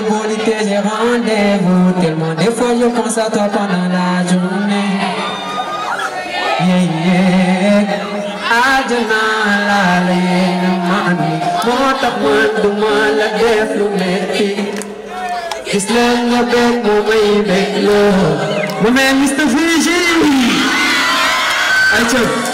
Bonité, j'ai rendez-vous. Tellement des fois je pense à toi pendant la journée. Yeah, yeah. àjjana laa lay maami moo tax man du ma la def lu metti gis la nga bëgg mu may bëgg loo mu mel Mr Fuji ay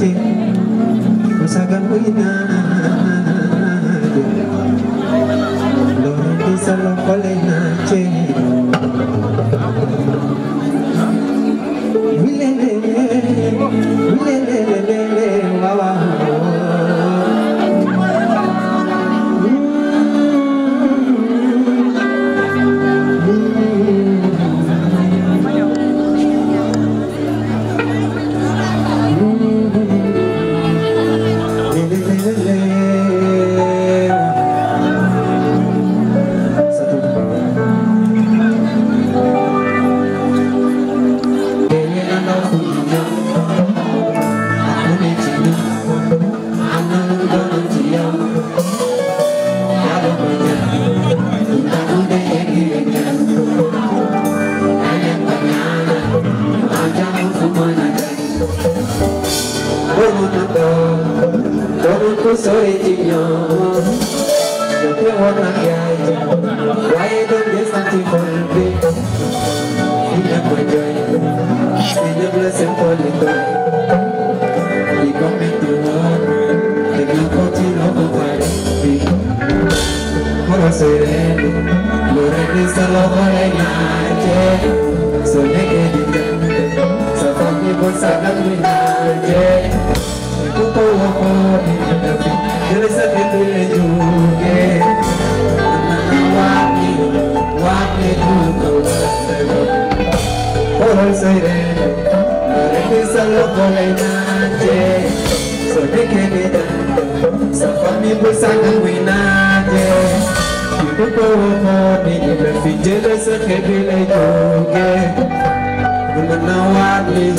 te ma sagal wi naa te loolu di sa loxo le naa te ku sori ci ñoom jote woon ak yaay waaye doon des ci xol bi di ñëpp ma jooy si ñëpp la seen xol di tooy di ko metti woon di nga ko ci loxo xol bi koro sooy reen lu reen di sa loxo lay naajee soo nekkee di jàng sa fam yi bon sa dam ورا سيرين ريحي سلق وليناتي سونيك بدا سفامي بسانا ويناتي يدوك وفوني إلا في جلس خبيل يتوكي من نوارلي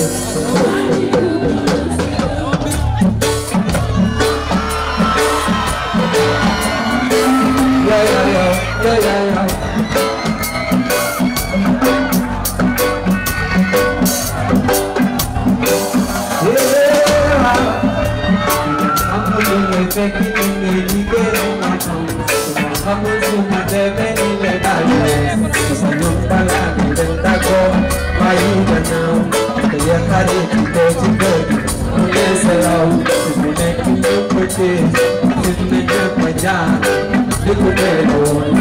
Yeah, yeah, yeah, yeah, yeah. fekk ni ngay liggéey ma xam xamul su ma demee ni le daje sa ñoom balaa di leen tàggoo bàyyi gannaaw te yéen xarit yi doo ci kër mu ne selaw mu nekk ñëpp a téye nit ñi ñëpp a di ko delloo